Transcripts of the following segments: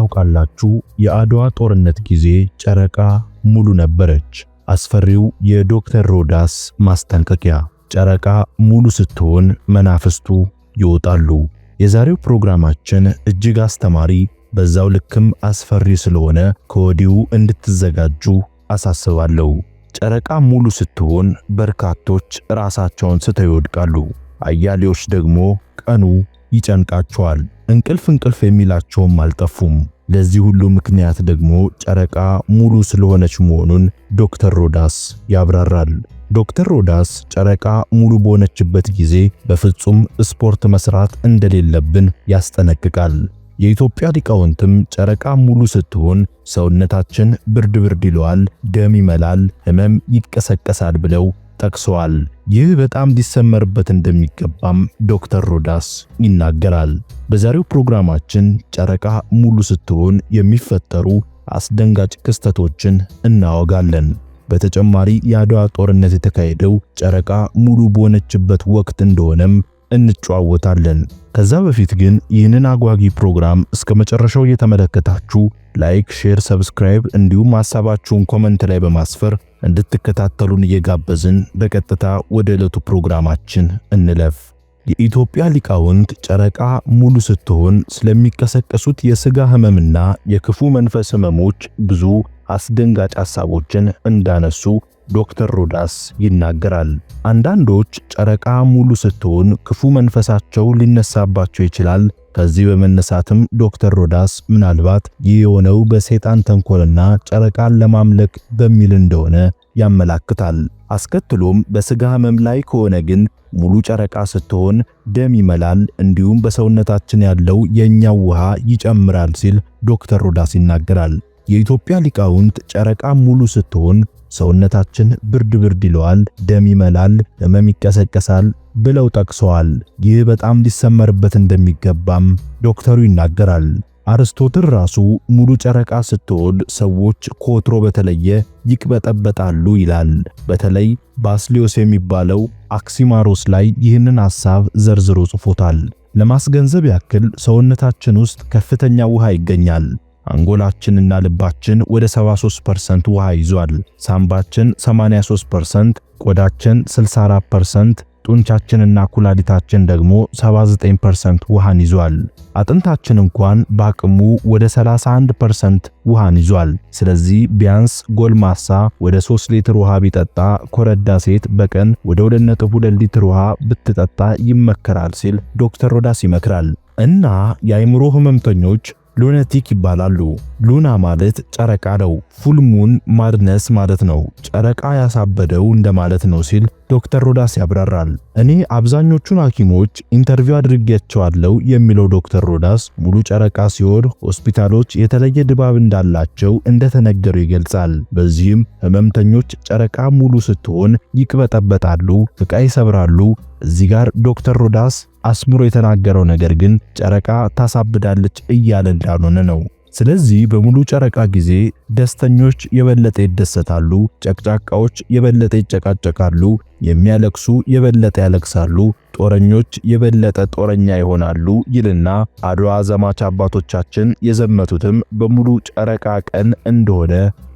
ታውቃላችሁ፣ የአድዋ ጦርነት ጊዜ ጨረቃ ሙሉ ነበረች። አስፈሪው የዶክተር ሮዳስ ማስጠንቀቂያ። ጨረቃ ሙሉ ስትሆን መናፍስቱ ይወጣሉ። የዛሬው ፕሮግራማችን እጅግ አስተማሪ በዛው ልክም አስፈሪ ስለሆነ ከወዲሁ እንድትዘጋጁ አሳስባለሁ። ጨረቃ ሙሉ ስትሆን በርካቶች ራሳቸውን ስተው ይወድቃሉ፣ አያሌዎች ደግሞ ቀኑ ይጨንቃቸዋል። እንቅልፍ እንቅልፍ የሚላቸውም አልጠፉም። ለዚህ ሁሉ ምክንያት ደግሞ ጨረቃ ሙሉ ስለሆነች መሆኑን ዶክተር ሮዳስ ያብራራል። ዶክተር ሮዳስ ጨረቃ ሙሉ በሆነችበት ጊዜ በፍጹም ስፖርት መስራት እንደሌለብን ያስጠነቅቃል። የኢትዮጵያ ሊቃውንትም ጨረቃ ሙሉ ስትሆን ሰውነታችን ብርድ ብርድ ይለዋል፣ ደም ይመላል፣ ህመም ይቀሰቀሳል ብለው ጠቅሰዋል። ይህ በጣም ሊሰመርበት እንደሚገባም ዶክተር ሮዳስ ይናገራል። በዛሬው ፕሮግራማችን ጨረቃ ሙሉ ስትሆን የሚፈጠሩ አስደንጋጭ ክስተቶችን እናወጋለን። በተጨማሪ የአድዋ ጦርነት የተካሄደው ጨረቃ ሙሉ በሆነችበት ወቅት እንደሆነም እንጨዋወታለን። ከዛ በፊት ግን ይህንን አጓጊ ፕሮግራም እስከ መጨረሻው እየተመለከታችሁ ላይክ፣ ሼር፣ ሰብስክራይብ እንዲሁም ሀሳባችሁን ኮመንት ላይ በማስፈር እንድትከታተሉን እየጋበዝን በቀጥታ ወደ ዕለቱ ፕሮግራማችን እንለፍ። የኢትዮጵያ ሊቃውንት ጨረቃ ሙሉ ስትሆን ስለሚቀሰቀሱት የሥጋ ሕመምና የክፉ መንፈስ ሕመሞች ብዙ አስደንጋጭ ሐሳቦችን እንዳነሱ ዶክተር ሮዳስ ይናገራል። አንዳንዶች ጨረቃ ሙሉ ስትሆን ክፉ መንፈሳቸው ሊነሳባቸው ይችላል። ከዚህ በመነሳትም ዶክተር ሮዳስ ምናልባት ይህ የሆነው በሰይጣን ተንኮልና ጨረቃን ለማምለክ በሚል እንደሆነ ያመላክታል። አስከትሎም በስጋ ህመም ላይ ከሆነ ግን ሙሉ ጨረቃ ስትሆን ደም ይመላል፣ እንዲሁም በሰውነታችን ያለው የእኛው ውሃ ይጨምራል ሲል ዶክተር ሮዳስ ይናገራል። የኢትዮጵያ ሊቃውንት ጨረቃ ሙሉ ስትሆን ሰውነታችን ብርድ ብርድ ይለዋል፣ ደም ይመላል፣ ህመም ይቀሰቀሳል ብለው ጠቅሰዋል። ይህ በጣም ሊሰመርበት እንደሚገባም ዶክተሩ ይናገራል። አርስቶትል ራሱ ሙሉ ጨረቃ ስትወድ ሰዎች ከወትሮ በተለየ ይቅበጠበጣሉ ይላል። በተለይ ባስሊዮስ የሚባለው አክሲማሮስ ላይ ይህንን ሐሳብ ዘርዝሮ ጽፎታል። ለማስገንዘብ ያክል ሰውነታችን ውስጥ ከፍተኛ ውሃ ይገኛል። አንጎላችንና ልባችን ወደ 73% ውሃ ይዟል። ሳምባችን 83%፣ ቆዳችን 64%፣ ጡንቻችንና ኩላሊታችን ደግሞ 79% ውሃን ይዟል። አጥንታችን እንኳን በአቅሙ ወደ 31% ውሃን ይዟል። ስለዚህ ቢያንስ ጎልማሳ ወደ 3 ሊትር ውሃ ቢጠጣ፣ ኮረዳ ሴት በቀን ወደ 2.2 ሊትር ውሃ ብትጠጣ ይመከራል ሲል ዶክተር ሮዳስ ይመክራል። እና የአእምሮ ህመምተኞች ሉነቲክ ይባላሉ። ሉና ማለት ጨረቃ ነው። ፉልሙን ማድነስ ማለት ነው። ጨረቃ ያሳበደው እንደማለት ነው ሲል ዶክተር ሮዳስ ያብራራል። እኔ አብዛኞቹን ሐኪሞች ኢንተርቪው አድርጌያቸዋለሁ የሚለው ዶክተር ሮዳስ ሙሉ ጨረቃ ሲሆን ሆስፒታሎች የተለየ ድባብ እንዳላቸው እንደተነገሩ ይገልጻል። በዚህም ህመምተኞች ጨረቃ ሙሉ ስትሆን ይቅበጠበጣሉ፣ ዕቃ ይሰብራሉ። እዚህ ጋር ዶክተር ሮዳስ አስምሮ የተናገረው ነገር ግን ጨረቃ ታሳብዳለች እያለ እንዳልሆነ ነው። ስለዚህ በሙሉ ጨረቃ ጊዜ ደስተኞች የበለጠ ይደሰታሉ፣ ጨቅጫቃዎች የበለጠ ይጨቃጨቃሉ፣ የሚያለቅሱ የበለጠ ያለቅሳሉ፣ ጦረኞች የበለጠ ጦረኛ ይሆናሉ ይልና አድዋ ዘማች አባቶቻችን የዘመቱትም በሙሉ ጨረቃ ቀን እንደሆነ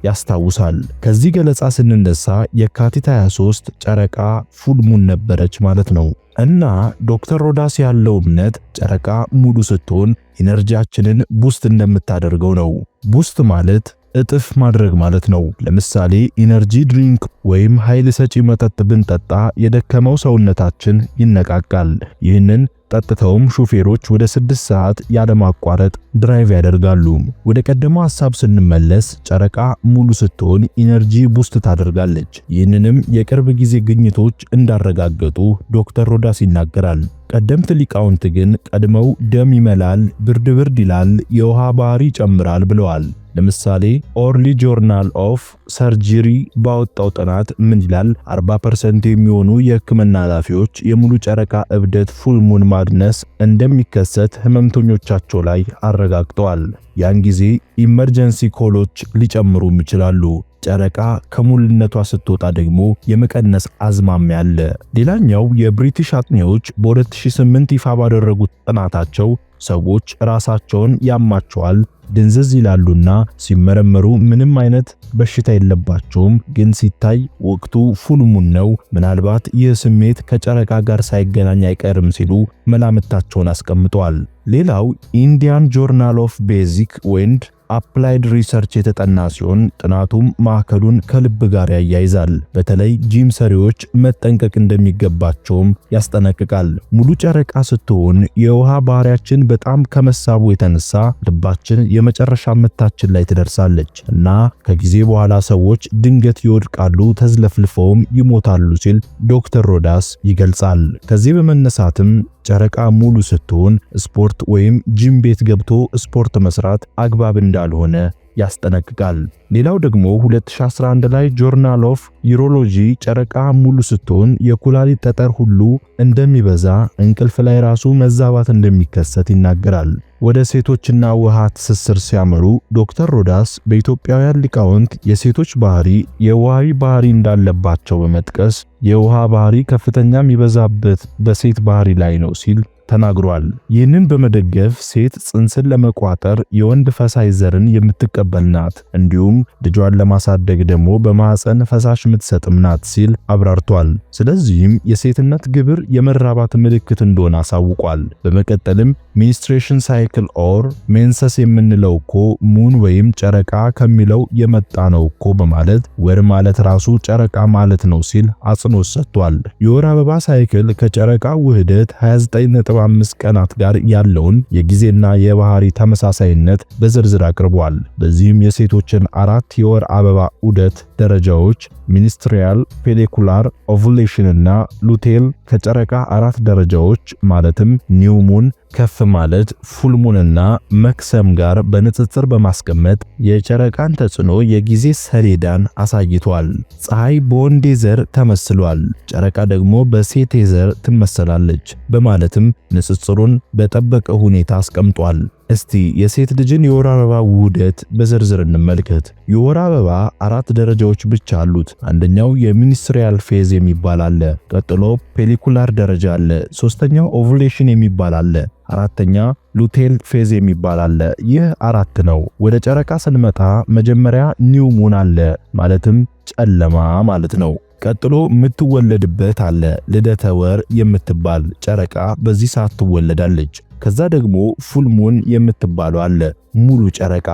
ያስታውሳል። ከዚህ ገለጻ ስንነሳ የካቲት 23 ጨረቃ ፉልሙን ነበረች ማለት ነው። እና ዶክተር ሮዳስ ያለው እምነት ጨረቃ ሙሉ ስትሆን ኢነርጂያችንን ቡስት እንደምታደርገው ነው። ቡስት ማለት እጥፍ ማድረግ ማለት ነው። ለምሳሌ ኢነርጂ ድሪንክ ወይም ኃይል ሰጪ መጠጥ ብንጠጣ የደከመው ሰውነታችን ይነቃቃል። ይህንን ጠጥተውም ሹፌሮች ወደ ስድስት ሰዓት ያለማቋረጥ ድራይቭ ያደርጋሉ። ወደ ቀደመው ሐሳብ ስንመለስ ጨረቃ ሙሉ ስትሆን ኢነርጂ ቡስት ታደርጋለች። ይህንንም የቅርብ ጊዜ ግኝቶች እንዳረጋገጡ ዶክተር ሮዳስ ይናገራል። ቀደምት ሊቃውንት ግን ቀድመው ደም ይመላል፣ ብርድ ብርድ ይላል፣ የውሃ ባህሪ ይጨምራል ብለዋል። ለምሳሌ ኦርሊ ጆርናል ኦፍ ሰርጀሪ ባወጣው ጥናት ምን ይላል? 40% የሚሆኑ የሕክምና ኃላፊዎች የሙሉ ጨረቃ እብደት ፉልሙን ማድነስ እንደሚከሰት ህመምተኞቻቸው ላይ አረ አረጋግጠዋል። ያን ጊዜ ኢመርጀንሲ ኮሎች ሊጨምሩም ይችላሉ። ጨረቃ ከሙልነቷ ስትወጣ ደግሞ የመቀነስ አዝማሚያ አለ። ሌላኛው የብሪቲሽ አጥኚዎች በ2008 ይፋ ባደረጉት ጥናታቸው ሰዎች ራሳቸውን ያማቸዋል ድንዝዝ ይላሉና ሲመረመሩ ምንም አይነት በሽታ የለባቸውም፣ ግን ሲታይ ወቅቱ ፉልሙን ነው፣ ምናልባት ይህ ስሜት ከጨረቃ ጋር ሳይገናኝ አይቀርም ሲሉ መላምታቸውን አስቀምጠዋል። ሌላው ኢንዲያን ጆርናል ኦፍ ቤዚክ ዌንድ አፕላይድ ሪሰርች የተጠና ሲሆን ጥናቱም ማዕከሉን ከልብ ጋር ያያይዛል። በተለይ ጂም ሰሪዎች መጠንቀቅ እንደሚገባቸውም ያስጠነቅቃል። ሙሉ ጨረቃ ስትሆን የውሃ ባህሪያችን በጣም ከመሳቡ የተነሳ ልባችን የመጨረሻ ምታችን ላይ ትደርሳለች እና ከጊዜ በኋላ ሰዎች ድንገት ይወድቃሉ፣ ተዝለፍልፈውም ይሞታሉ ሲል ዶክተር ሮዳስ ይገልጻል። ከዚህ በመነሳትም ጨረቃ ሙሉ ስትሆን ስፖርት ወይም ጂም ቤት ገብቶ ስፖርት መስራት አግባብ እንዳልሆነ ያስጠነቅቃል። ሌላው ደግሞ 2011 ላይ ጆርናል ኦፍ ዩሮሎጂ ጨረቃ ሙሉ ስትሆን የኩላሊት ጠጠር ሁሉ እንደሚበዛ እንቅልፍ ላይ ራሱ መዛባት እንደሚከሰት ይናገራል። ወደ ሴቶችና ውሃ ትስስር ሲያመሩ ዶክተር ሮዳስ በኢትዮጵያውያን ሊቃውንት የሴቶች ባህሪ የውሃዊ ባህሪ እንዳለባቸው በመጥቀስ የውሃ ባህሪ ከፍተኛ የሚበዛበት በሴት ባህሪ ላይ ነው ሲል ተናግሯል። ይህንን በመደገፍ ሴት ጽንስን ለመቋጠር የወንድ ፈሳሽ ዘርን የምትቀበል ናት፣ እንዲሁም ልጇን ለማሳደግ ደግሞ በማህፀን ፈሳሽ የምትሰጥም ናት ሲል አብራርቷል። ስለዚህም የሴትነት ግብር የመራባት ምልክት እንደሆነ አሳውቋል። በመቀጠልም ሚኒስትሬሽን ሳይክል ኦር ሜንሰስ የምንለው እኮ ሙን ወይም ጨረቃ ከሚለው የመጣ ነው እኮ በማለት ወር ማለት ራሱ ጨረቃ ማለት ነው ሲል አጽንኦት ሰጥቷል። የወር አበባ ሳይክል ከጨረቃ ውህደት 29 ከ ቀናት ጋር ያለውን የጊዜና የባህሪ ተመሳሳይነት በዝርዝር አቅርቧል። በዚህም የሴቶችን አራት የወር አበባ ዑደት ደረጃዎች ሚኒስትሪያል፣ ፔሌኩላር፣ ኦቭሌሽን እና ሉቴል ከጨረቃ አራት ደረጃዎች ማለትም ኒውሙን ከፍ ማለት ፉልሙንና መክሰም ጋር በንጽጽር በማስቀመጥ የጨረቃን ተጽዕኖ የጊዜ ሰሌዳን አሳይቷል። ፀሐይ በወንዴ ዘር ተመስሏል፣ ጨረቃ ደግሞ በሴቴ ዘር ትመሰላለች በማለትም ንጽጽሩን በጠበቀ ሁኔታ አስቀምጧል። እስቲ የሴት ልጅን የወር አበባ ውህደት በዝርዝር እንመልከት። የወር አበባ አራት ደረጃዎች ብቻ አሉት። አንደኛው የሚኒስትሪያል ፌዝ የሚባል አለ። ቀጥሎ ፔሊኩላር ደረጃ አለ። ሶስተኛው ኦቭሌሽን የሚባል አለ። አራተኛ ሉቴል ፌዝ የሚባል አለ። ይህ አራት ነው። ወደ ጨረቃ ስንመጣ መጀመሪያ ኒው ሙን አለ፣ ማለትም ጨለማ ማለት ነው። ቀጥሎ የምትወለድበት አለ። ልደተ ወር የምትባል ጨረቃ በዚህ ሰዓት ትወለዳለች። ከዛ ደግሞ ፉልሙን የምትባለው አለ፣ ሙሉ ጨረቃ።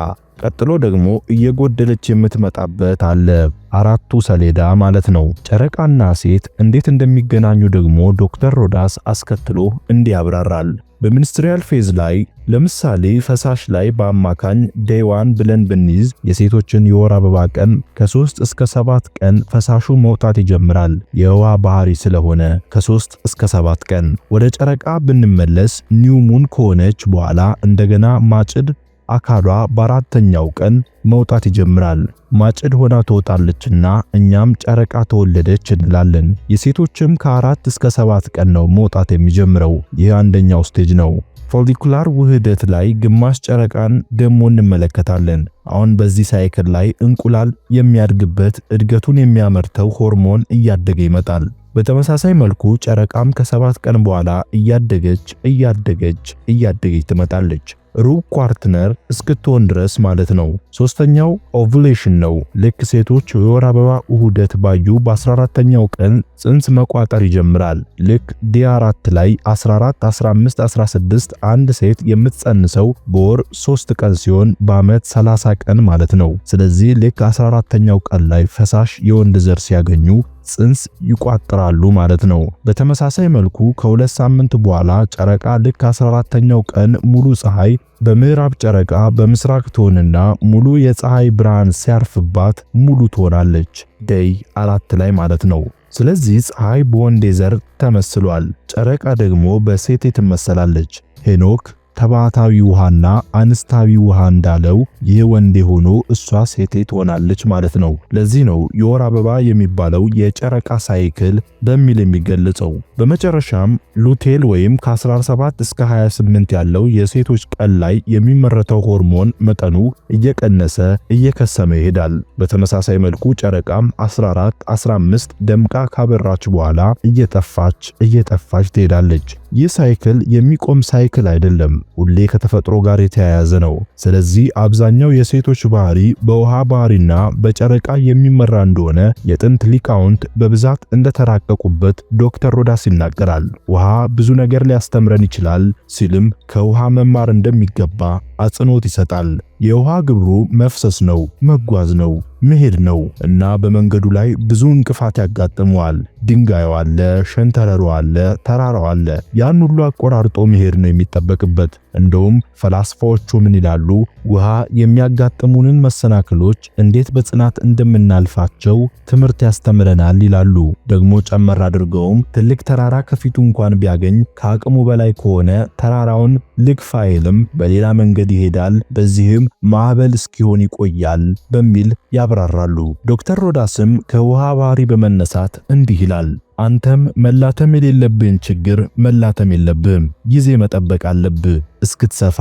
ቀጥሎ ደግሞ እየጎደለች የምትመጣበት አለ፣ አራቱ ሰሌዳ ማለት ነው። ጨረቃና ሴት እንዴት እንደሚገናኙ ደግሞ ዶክተር ሮዳስ አስከትሎ እንዲያብራራል። በሚኒስትሪያል ፌዝ ላይ ለምሳሌ ፈሳሽ ላይ በአማካኝ ዴዋን ብለን ብንይዝ የሴቶችን የወር አበባ ቀን ከሶስት እስከ ሰባት ቀን ፈሳሹ መውጣት ይጀምራል። የውሃ ባህሪ ስለሆነ ከሶስት እስከ ሰባት ቀን። ወደ ጨረቃ ብንመለስ ኒውሙን ከሆነች በኋላ እንደገና ማጭድ አካሏ በአራተኛው ቀን መውጣት ይጀምራል። ማጭድ ሆና ትወጣለችና እኛም ጨረቃ ተወለደች እንላለን። የሴቶችም ከአራት እስከ ሰባት ቀን ነው መውጣት የሚጀምረው። ይህ አንደኛው ስቴጅ ነው። ፎሊኩላር ውህደት ላይ ግማሽ ጨረቃን ደግሞ እንመለከታለን። አሁን በዚህ ሳይክል ላይ እንቁላል የሚያድግበት እድገቱን የሚያመርተው ሆርሞን እያደገ ይመጣል። በተመሳሳይ መልኩ ጨረቃም ከሰባት ቀን በኋላ እያደገች እያደገች እያደገች ትመጣለች። ሩብ ኳርትነር እስክትሆን ድረስ ማለት ነው። ሶስተኛው ኦቭሌሽን ነው። ልክ ሴቶች የወር አበባ ውህደት ባዩ በ14ተኛው ቀን ጽንስ መቋጠር ይጀምራል። ልክ ዲ4 ላይ 14፣ 15፣ 16 አንድ ሴት የምትጸንሰው በወር 3 ቀን ሲሆን በዓመት 30 ቀን ማለት ነው። ስለዚህ ልክ 14ተኛው ቀን ላይ ፈሳሽ የወንድ ዘር ሲያገኙ ጽንስ ይቋጥራሉ ማለት ነው። በተመሳሳይ መልኩ ከሁለት ሳምንት በኋላ ጨረቃ ልክ 14ተኛው ቀን ሙሉ ፀሐይ በምዕራብ ጨረቃ በምስራቅ ትሆንና ሙሉ የፀሐይ ብርሃን ሲያርፍባት ሙሉ ትሆናለች፣ ደይ አራት ላይ ማለት ነው። ስለዚህ ፀሐይ በወንዴ ዘር ተመስሏል፣ ጨረቃ ደግሞ በሴት ትመሰላለች። ሄኖክ ተባታዊ ውሃና አንስታዊ ውሃ እንዳለው ይህ ወንዴ ሆኖ እሷ ሴቴ ትሆናለች ማለት ነው። ለዚህ ነው የወር አበባ የሚባለው የጨረቃ ሳይክል በሚል የሚገለጸው። በመጨረሻም ሉቴል ወይም ከ17 እስከ 28 ያለው የሴቶች ቀን ላይ የሚመረተው ሆርሞን መጠኑ እየቀነሰ እየከሰመ ይሄዳል። በተመሳሳይ መልኩ ጨረቃም 14፣ 15 ደምቃ ካበራች በኋላ እየጠፋች እየጠፋች ትሄዳለች። ይህ ሳይክል የሚቆም ሳይክል አይደለም፣ ሁሌ ከተፈጥሮ ጋር የተያያዘ ነው። ስለዚህ አብዛኛው የሴቶች ባህሪ በውሃ ባህሪና በጨረቃ የሚመራ እንደሆነ የጥንት ሊቃውንት በብዛት እንደተራቀቁበት ዶክተር ሮዳስ ይናገራል። ውሃ ብዙ ነገር ሊያስተምረን ይችላል ሲልም ከውሃ መማር እንደሚገባ አጽንኦት ይሰጣል። የውሃ ግብሩ መፍሰስ ነው፣ መጓዝ ነው፣ መሄድ ነው እና በመንገዱ ላይ ብዙ እንቅፋት ያጋጥመዋል። ድንጋዩ አለ፣ ሸንተረሩ አለ፣ ተራራው አለ። ያን ሁሉ አቆራርጦ መሄድ ነው የሚጠበቅበት። እንደውም ፈላስፋዎቹ ምን ይላሉ? ውሃ የሚያጋጥሙንን መሰናክሎች እንዴት በጽናት እንደምናልፋቸው ትምህርት ያስተምረናል ይላሉ። ደግሞ ጨመር አድርገውም ትልቅ ተራራ ከፊቱ እንኳን ቢያገኝ ከአቅሙ በላይ ከሆነ ተራራውን ልግፋ አይልም፣ በሌላ መንገድ ይሄዳል። በዚህም ማዕበል እስኪሆን ይቆያል በሚል ያብራራሉ። ዶክተር ሮዳስም ከውሃ ባህሪ በመነሳት እንዲህ ይላል። አንተም መላተም የሌለብህን ችግር መላተም የለብህም። ጊዜ መጠበቅ አለብህ። እስክትሰፋ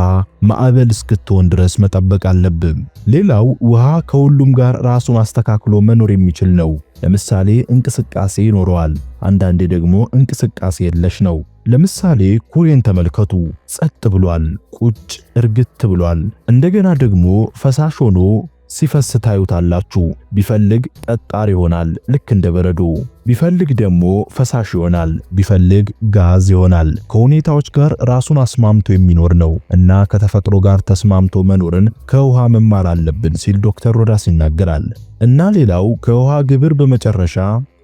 ማዕበል እስክትሆን ድረስ መጠበቅ አለብህ። ሌላው ውሃ ከሁሉም ጋር ራሱን አስተካክሎ መኖር የሚችል ነው። ለምሳሌ እንቅስቃሴ ይኖረዋል፣ አንዳንዴ ደግሞ እንቅስቃሴ የለሽ ነው። ለምሳሌ ኩሬን ተመልከቱ። ጸጥ ብሏል፣ ቁጭ እርግት ብሏል። እንደገና ደግሞ ፈሳሽ ሆኖ ሲፈስ ታዩታላችሁ። ቢፈልግ ጠጣር ይሆናል፣ ልክ እንደ በረዶ። ቢፈልግ ደግሞ ፈሳሽ ይሆናል፣ ቢፈልግ ጋዝ ይሆናል። ከሁኔታዎች ጋር ራሱን አስማምቶ የሚኖር ነው እና ከተፈጥሮ ጋር ተስማምቶ መኖርን ከውሃ መማር አለብን ሲል ዶክተር ሮዳስ ይናገራል። እና ሌላው ከውሃ ግብር በመጨረሻ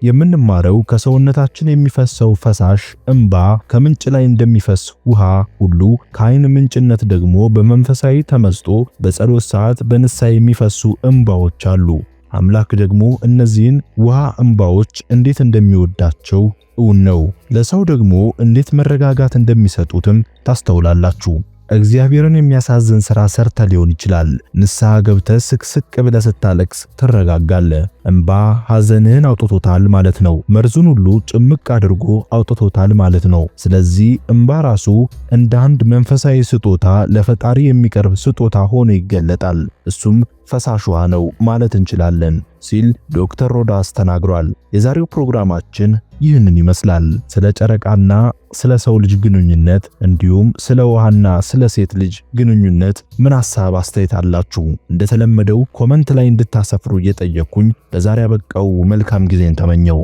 የምንማረው ከሰውነታችን የሚፈሰው ፈሳሽ እንባ ከምንጭ ላይ እንደሚፈስ ውሃ ሁሉ ከአይን ምንጭነት ደግሞ በመንፈሳዊ ተመስጦ በጸሎት ሰዓት በንሳ የሚፈሱ እንባዎች አሉ። አምላክ ደግሞ እነዚህን ውሃ እንባዎች እንዴት እንደሚወዳቸው እውን ነው። ለሰው ደግሞ እንዴት መረጋጋት እንደሚሰጡትም ታስተውላላችሁ። እግዚአብሔርን የሚያሳዝን ሥራ ሰርተ ሊሆን ይችላል። ንስሐ ገብተ ስቅስቅ ብለ ስታለቅስ ትረጋጋለ። እምባ ሐዘንህን አውጥቶታል ማለት ነው። መርዙን ሁሉ ጭምቅ አድርጎ አውጥቶታል ማለት ነው። ስለዚህ እምባ ራሱ እንደ አንድ መንፈሳዊ ስጦታ ለፈጣሪ የሚቀርብ ስጦታ ሆኖ ይገለጣል። እሱም ፈሳሽ ውሃ ነው ማለት እንችላለን ሲል ዶክተር ሮዳስ ተናግሯል። የዛሬው ፕሮግራማችን ይህንን ይመስላል። ስለ ጨረቃና ስለ ሰው ልጅ ግንኙነት እንዲሁም ስለ ውሃና ስለ ሴት ልጅ ግንኙነት ምን ሐሳብ አስተያየት አላችሁ? እንደተለመደው ኮመንት ላይ እንድታሰፍሩ እየጠየቅኩኝ ለዛሬ ያበቃው መልካም ጊዜን ተመኘው።